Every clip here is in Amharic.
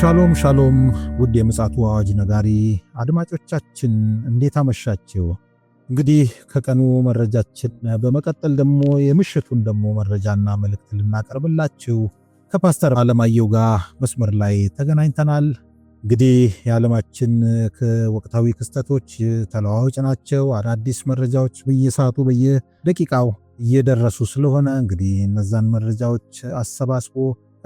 ሻሎም ሻሎም ውድ የምፅዓቱ አዋጅ ነጋሪ አድማጮቻችን እንዴት አመሻችሁ? እንግዲህ ከቀኑ መረጃችን በመቀጠል ደግሞ የምሽቱን ደግሞ መረጃና መልእክት ልናቀርብላችሁ ከፓስተር አለማየሁ ጋር መስመር ላይ ተገናኝተናል። እንግዲህ የዓለማችን ወቅታዊ ክስተቶች ተለዋዋጭ ናቸው። አዳዲስ መረጃዎች በየሰዓቱ በየደቂቃው እየደረሱ ስለሆነ እንግዲህ እነዛን መረጃዎች አሰባስቦ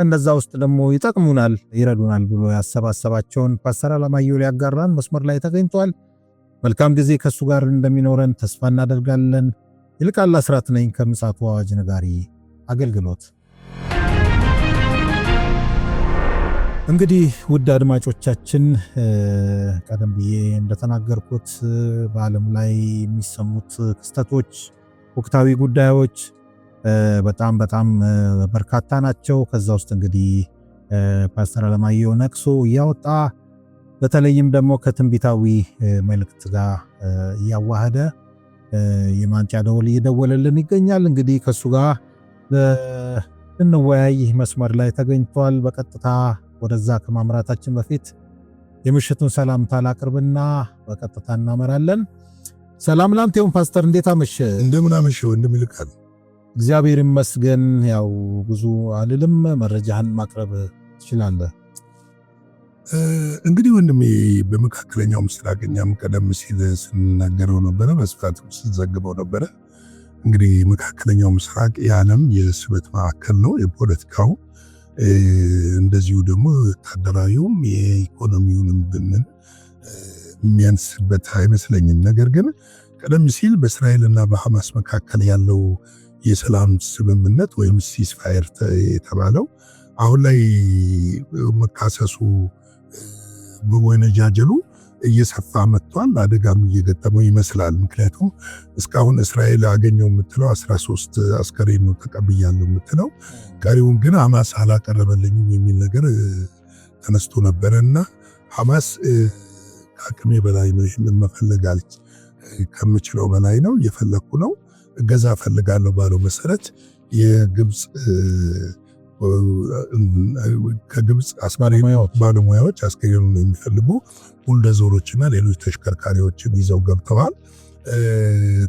እነዛ ውስጥ ደግሞ ይጠቅሙናል፣ ይረዱናል ብሎ ያሰባሰባቸውን ፓስተር አለማየሁ ሊያጋራን መስመር ላይ ተገኝተዋል። መልካም ጊዜ ከእሱ ጋር እንደሚኖረን ተስፋ እናደርጋለን። ይልቃል አስራት ነኝ ከምፅዓቱ አዋጅ ነጋሪ አገልግሎት። እንግዲህ ውድ አድማጮቻችን ቀደም ብዬ እንደተናገርኩት በዓለም ላይ የሚሰሙት ክስተቶች፣ ወቅታዊ ጉዳዮች በጣም በጣም በርካታ ናቸው። ከዛ ውስጥ እንግዲህ ፓስተር አለማየሁ ነቅሶ እያወጣ በተለይም ደግሞ ከትንቢታዊ መልእክት ጋር እያዋህደ የማንጫ ደወል እየደወለልን ይገኛል። እንግዲህ ከሱ ጋር እንወያይ መስመር ላይ ተገኝቷል። በቀጥታ ወደዛ ከማምራታችን በፊት የምሽቱን ሰላምታ ላቅርብና በቀጥታ እናመራለን። ሰላም ላምቴውን ፓስተር፣ እንዴት አመሸ? እንደምን አመሸ ወንድም ይልቃል እግዚአብሔር ይመስገን። ያው ብዙ አልልም፣ መረጃህን ማቅረብ ትችላለህ። እንግዲህ ወንድሜ በመካከለኛው ምስራቅ እኛም ቀደም ሲል ስንናገረው ነበረ፣ በስፋት ስንዘግበው ነበረ። እንግዲህ መካከለኛው ምስራቅ የዓለም የስበት ማዕከል ነው። የፖለቲካው እንደዚሁ ደግሞ ወታደራዊውም የኢኮኖሚውንም ብንል የሚያንስበት አይመስለኝም። ነገር ግን ቀደም ሲል እና በሐማስ መካከል ያለው የሰላም ስምምነት ወይም ሲስፋየር የተባለው አሁን ላይ መካሰሱ መወነጃጀሉ እየሰፋ መጥቷል። አደጋም እየገጠመው ይመስላል። ምክንያቱም እስካሁን እስራኤል አገኘው የምትለው 13 አስከሬን ነው ተቀብያለሁ የምትለው ቀሪውን ግን ሀማስ አላቀረበልኝም የሚል ነገር ተነስቶ ነበረ እና ሀማስ ከአቅሜ በላይ ነው፣ ይህንን መፈለግ ከምችለው በላይ ነው፣ እየፈለግኩ ነው እገዛ ፈልጋለሁ ባለው መሰረት ከግብፅ አስማሪ ባለሙያዎች አስከሬኑን የሚፈልጉ ቡልደዞሮችና ሌሎች ተሽከርካሪዎችን ይዘው ገብተዋል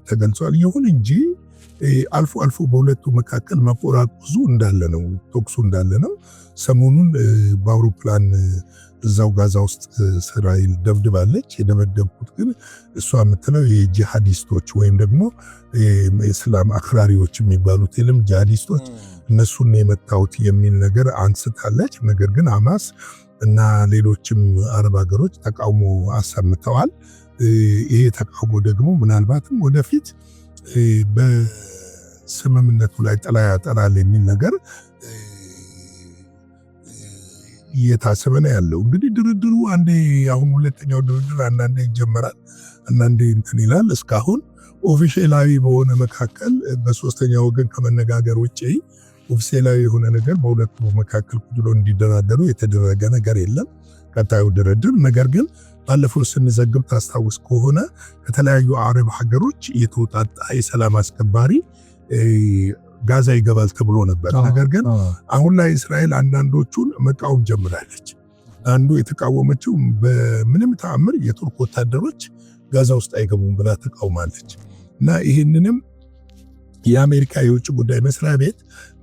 ተገልጿል። ይሁን እንጂ አልፎ አልፎ በሁለቱ መካከል መቆራቁዙ እንዳለ ነው፣ ተኩሱ እንዳለ ነው። ሰሞኑን በአውሮፕላን እዛው ጋዛ ውስጥ እስራኤል ደብድባለች። የደበደብኩት ግን እሷ የምትለው የጂሃዲስቶች ወይም ደግሞ የስላም አክራሪዎች የሚባሉት የለም ጂሃዲስቶች እነሱን የመታሁት የሚል ነገር አንስታለች። ነገር ግን አማስ እና ሌሎችም አረብ ሀገሮች ተቃውሞ አሰምተዋል። ይሄ ተቃውሞ ደግሞ ምናልባትም ወደፊት በስምምነቱ ላይ ጥላ ያጠላል የሚል ነገር እየታሰበ ነው ያለው። እንግዲህ ድርድሩ አንዴ አሁን ሁለተኛው ድርድር አንዳንዴ ይጀመራል፣ አንዳንዴ እንትን ይላል። እስካሁን ኦፊሴላዊ በሆነ መካከል በሶስተኛ ወገን ከመነጋገር ውጭ ኦፊሴላዊ የሆነ ነገር በሁለቱ መካከል ቁጭ ብሎ እንዲደራደሩ የተደረገ ነገር የለም። ቀጣዩ ድርድር ነገር ግን ባለፈው ስንዘግብ ታስታውስ ከሆነ ከተለያዩ አረብ ሀገሮች የተውጣጣ የሰላም አስከባሪ ጋዛ ይገባል ተብሎ ነበር። ነገር ግን አሁን ላይ እስራኤል አንዳንዶቹን መቃወም ጀምራለች። አንዱ የተቃወመችው በምንም ተአምር የቱርክ ወታደሮች ጋዛ ውስጥ አይገቡም ብላ ተቃውማለች። እና ይህንንም የአሜሪካ የውጭ ጉዳይ መስሪያ ቤት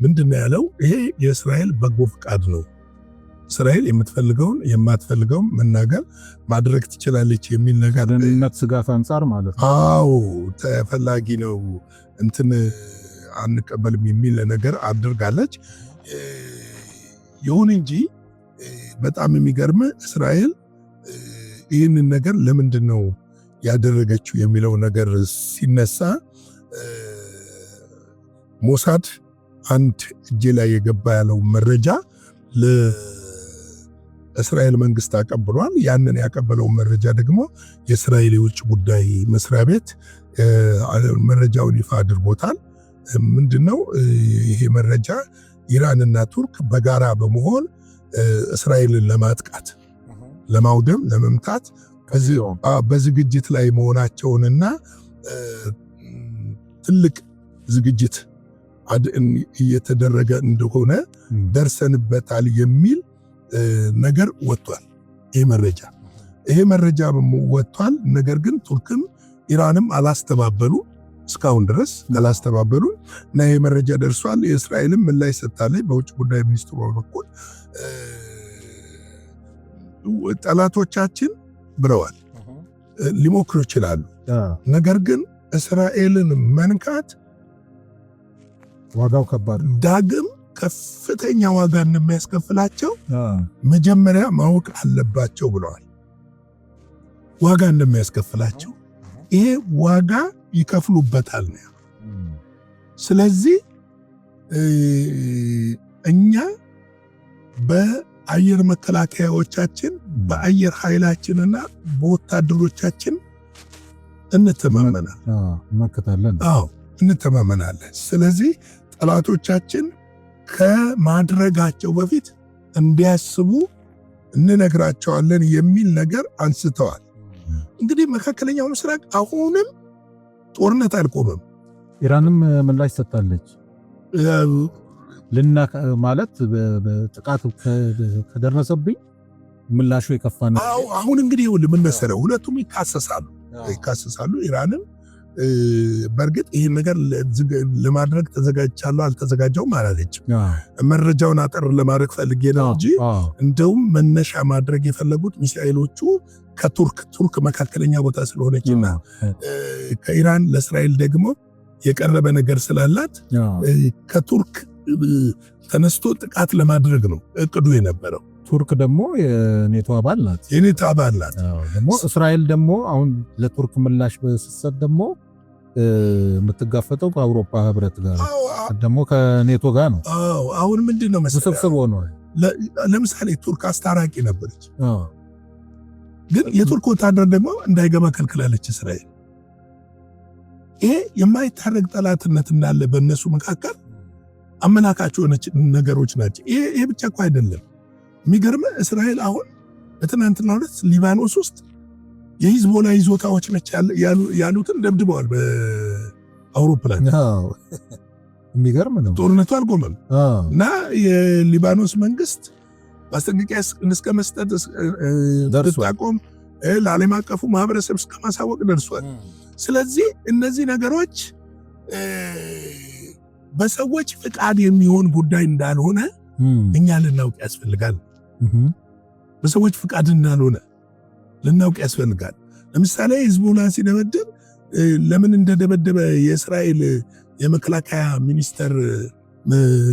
ምንድነው ያለው? ይሄ የእስራኤል በጎ ፈቃድ ነው። እስራኤል የምትፈልገውን የማትፈልገውን መናገር ማድረግ ትችላለች የሚል ነገር ደህንነት ስጋት አንጻር ማለት ነው። አዎ ተፈላጊ ነው እንትን አንቀበልም የሚል ነገር አድርጋለች። ይሁን እንጂ በጣም የሚገርም እስራኤል ይህንን ነገር ለምንድን ነው ያደረገችው የሚለው ነገር ሲነሳ ሞሳድ አንድ እጄ ላይ የገባ ያለው መረጃ ለእስራኤል መንግስት አቀብሏል። ያንን ያቀበለው መረጃ ደግሞ የእስራኤል የውጭ ጉዳይ መስሪያ ቤት መረጃውን ይፋ አድርጎታል። ምንድነው ይሄ መረጃ ኢራንና ቱርክ በጋራ በመሆን እስራኤልን ለማጥቃት ለማውደም፣ ለመምታት በዝግጅት ላይ መሆናቸውንና ትልቅ ዝግጅት እየተደረገ እንደሆነ ደርሰንበታል የሚል ነገር ወጥቷል። ይሄ መረጃ ይሄ መረጃ ወጥቷል። ነገር ግን ቱርክም ኢራንም አላስተባበሉ እስካሁን ድረስ ገላስተባበሉን እና ይህ መረጃ ደርሷል። የእስራኤልም ምን ላይ ሰጥታለች በውጭ ጉዳይ ሚኒስትሩ በኩል ጠላቶቻችን ብለዋል። ሊሞክሩ ይችላሉ። ነገር ግን እስራኤልን መንካት ዋጋው ከባድ ዳግም ከፍተኛ ዋጋ እንደሚያስከፍላቸው መጀመሪያ ማወቅ አለባቸው ብለዋል። ዋጋ እንደሚያስከፍላቸው ይሄ ዋጋ ይከፍሉበታል ነው። ስለዚህ እኛ በአየር መከላከያዎቻችን በአየር ኃይላችንና በወታደሮቻችን እንተማመናል እንተማመናለን። ስለዚህ ጠላቶቻችን ከማድረጋቸው በፊት እንዲያስቡ እንነግራቸዋለን የሚል ነገር አንስተዋል። እንግዲህ መካከለኛው ምስራቅ አሁንም ጦርነት አልቆመም። ኢራንም ምላሽ ሰጥታለች። ልና ማለት ጥቃት ከደረሰብኝ ምላሹ የከፋ ነው። አሁን እንግዲህ ምን መሰለህ ሁለቱም ይካሰሳሉ ይካሰሳሉ። ኢራንም በእርግጥ ይህን ነገር ለማድረግ ተዘጋጅቻለሁ አልተዘጋጀውም አላለችም። መረጃውን አጠር ለማድረግ ፈልጌ ነው እንጂ እንደውም መነሻ ማድረግ የፈለጉት ሚሳኤሎቹ ከቱርክ ቱርክ መካከለኛ ቦታ ስለሆነች ከኢራን ለእስራኤል ደግሞ የቀረበ ነገር ስላላት ከቱርክ ተነስቶ ጥቃት ለማድረግ ነው እቅዱ የነበረው። ቱርክ ደግሞ የኔቶ አባል ናት። የኔቶ አባል ናት። ደግሞ እስራኤል ደግሞ አሁን ለቱርክ ምላሽ ስሰጥ ደግሞ የምትጋፈጠው ከአውሮፓ ህብረት ጋር ደግሞ ከኔቶ ጋር ነው። አሁን ምንድን ነው መሰለህ ስብስብ ሆኗል። ለምሳሌ ቱርክ አስታራቂ ነበረች። ግን የቱርክ ወታደር ደግሞ እንዳይገባ ከልክላለች እስራኤል። ይሄ የማይታረግ ጠላትነት እንዳለ በእነሱ መካከል አመላካች የሆነች ነገሮች ናቸው። ይሄ ብቻ እኮ አይደለም። የሚገርመ እስራኤል አሁን በትናንትና ሁለት ሊባኖስ ውስጥ የሂዝቦላ ይዞታዎች ነች ያሉትን ደብድበዋል በአውሮፕላን። የሚገርም ነው። ጦርነቱ አልቆመም እና የሊባኖስ መንግስት ማስጠንቀቂያ እስከ መስጠት እንድታቆም ለዓለም አቀፉ ማህበረሰብ እስከ ማሳወቅ ደርሷል። ስለዚህ እነዚህ ነገሮች በሰዎች ፍቃድ የሚሆን ጉዳይ እንዳልሆነ እኛ ልናውቅ ያስፈልጋል። በሰዎች ፍቃድ እንዳልሆነ ልናውቅ ያስፈልጋል። ለምሳሌ ህዝቡላን ሲደበድብ ለምን እንደደበደበ የእስራኤል የመከላከያ ሚኒስቴር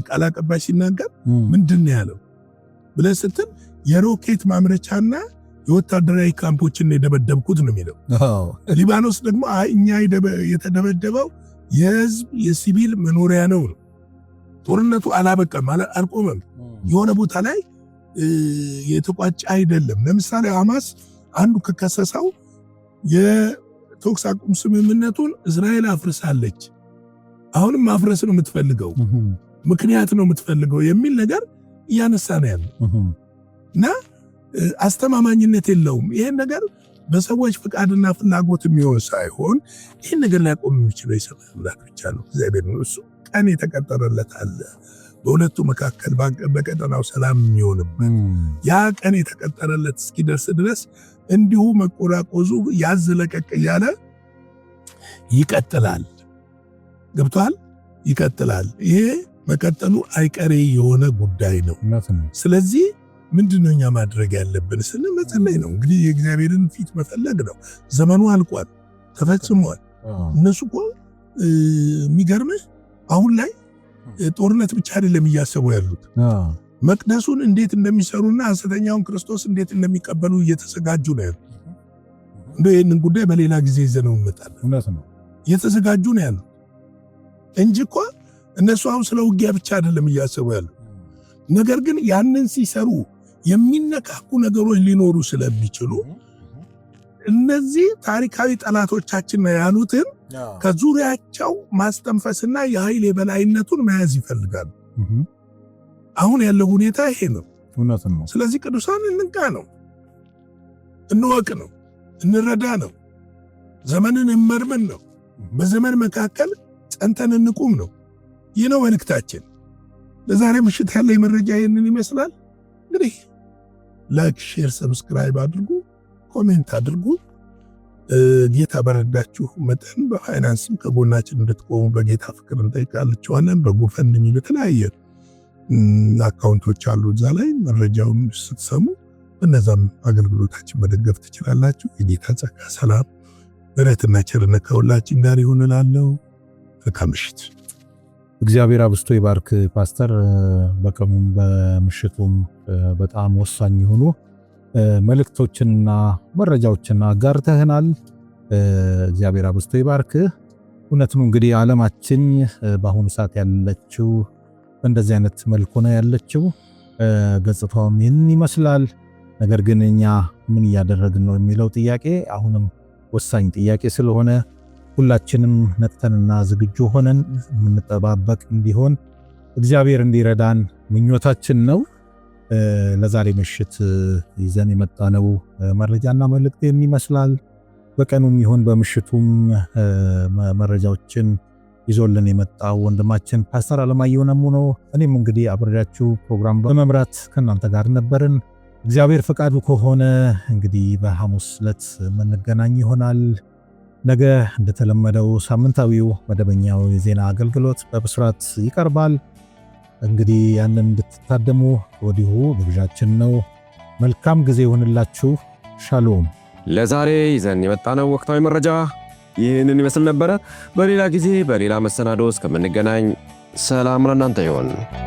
ቃል አቀባይ ሲናገር ምንድን ነው ያለው? ብለን ስትል የሮኬት ማምረቻና የወታደራዊ ካምፖችን የደበደብኩት ነው የሚለው። ሊባኖስ ደግሞ እኛ የተደበደበው የህዝብ የሲቪል መኖሪያ ነው። ጦርነቱ አላበቀም፣ አልቆመም። የሆነ ቦታ ላይ የተቋጨ አይደለም። ለምሳሌ ሐማስ አንዱ ከከሰሰው የተኩስ አቁም ስምምነቱን እስራኤል አፍርሳለች፣ አሁንም ማፍረስ ነው የምትፈልገው፣ ምክንያት ነው የምትፈልገው የሚል ነገር እያነሳ ነው ያለው እና አስተማማኝነት የለውም። ይሄን ነገር በሰዎች ፍቃድና ፍላጎት የሚሆን ሳይሆን ይህን ነገር ሊያቆም የሚችለው የሰማይ አምላክ ብቻ ነው እግዚአብሔር ነው። እሱ ቀን የተቀጠረለት አለ በሁለቱ መካከል በቀጠናው ሰላም የሚሆንም ያ ቀን የተቀጠረለት እስኪደርስ ድረስ እንዲሁ መቆራቆዙ ያዝ ለቀቅ እያለ ይቀጥላል። ገብቷል? ይቀጥላል ይሄ መቀጠሉ አይቀሬ የሆነ ጉዳይ ነው። ስለዚህ ምንድን ነው እኛ ማድረግ ያለብን ስን መጸለይ ነው። እንግዲህ የእግዚአብሔርን ፊት መፈለግ ነው። ዘመኑ አልቋል፣ ተፈጽሟል። እነሱ እኮ የሚገርምህ አሁን ላይ ጦርነት ብቻ አይደለም እያሰቡ ያሉት መቅደሱን እንዴት እንደሚሰሩና ሐሰተኛውን ክርስቶስ እንዴት እንደሚቀበሉ እየተዘጋጁ ነው ያሉት። እንደ ይህንን ጉዳይ በሌላ ጊዜ ይዘነው እንመጣለን። ነው፣ እየተዘጋጁ ነው ያሉት እንጂ እኮ እነሱ አሁን ስለ ውጊያ ብቻ አይደለም እያሰቡ ያሉ፣ ነገር ግን ያንን ሲሰሩ የሚነካኩ ነገሮች ሊኖሩ ስለሚችሉ እነዚህ ታሪካዊ ጠላቶቻችን ያሉትን ከዙሪያቸው ማስተንፈስና የኃይል የበላይነቱን መያዝ ይፈልጋሉ። አሁን ያለው ሁኔታ ይሄ ነው። ስለዚህ ቅዱሳን እንንቃ ነው፣ እንወቅ ነው፣ እንረዳ ነው፣ ዘመንን እመርምን ነው፣ በዘመን መካከል ጸንተን እንቁም ነው። ይህ ነው መልእክታችን። ለዛሬ ምሽት ያለኝ መረጃ ይህንን ይመስላል። እንግዲህ ላይክ፣ ሼር፣ ሰብስክራይብ አድርጉ፣ ኮሜንት አድርጉ። ጌታ በረዳችሁ መጠን በፋይናንስም ከጎናችን እንድትቆሙ በጌታ ፍቅር እንጠይቃለችዋለን። በጎፈንድሚ በተለያየ አካውንቶች አሉ። እዛ ላይ መረጃውን ስትሰሙ እነዛም አገልግሎታችን መደገፍ ትችላላችሁ። የጌታ ጸጋ፣ ሰላም፣ ምሕረትና ቸርነት ከሁላችን ጋር ይሁን እላለሁ። መልካም ምሽት። እግዚአብሔር አብስቶ ይባርክ ፓስተር። በቀኑም በምሽቱም በጣም ወሳኝ የሆኑ መልእክቶችንና መረጃዎችን አጋርተህናል። እግዚአብሔር አብስቶ ይባርክ። እውነትም እንግዲህ ዓለማችን በአሁኑ ሰዓት ያለችው በእንደዚህ አይነት መልኩ ነው ያለችው። ገጽታውም ይህን ይመስላል። ነገር ግን እኛ ምን እያደረግን ነው የሚለው ጥያቄ አሁንም ወሳኝ ጥያቄ ስለሆነ ሁላችንም ነቅተንና ዝግጁ ሆነን የምንጠባበቅ እንዲሆን እግዚአብሔር እንዲረዳን ምኞታችን ነው። ለዛሬ ምሽት ይዘን የመጣነው መረጃና መልእክት ይመስላል። በቀኑም ይሁን በምሽቱም መረጃዎችን ይዞልን የመጣው ወንድማችን ፓስተር አለማየሁ ነሙ ነው። እኔም እንግዲህ አብሬያችሁ ፕሮግራም በመምራት ከእናንተ ጋር ነበርን። እግዚአብሔር ፈቃዱ ከሆነ እንግዲህ በሐሙስ ዕለት የምንገናኝ ይሆናል። ነገ እንደተለመደው ሳምንታዊው መደበኛው የዜና አገልግሎት በብስራት ይቀርባል። እንግዲህ ያንን እንድትታደሙ ወዲሁ ግብዣችን ነው። መልካም ጊዜ ይሁንላችሁ። ሻሎም። ለዛሬ ይዘን የመጣነው ወቅታዊ መረጃ ይህንን ይመስል ነበረ። በሌላ ጊዜ በሌላ መሰናዶ እስከምንገናኝ ሰላም ለእናንተ ይሆን።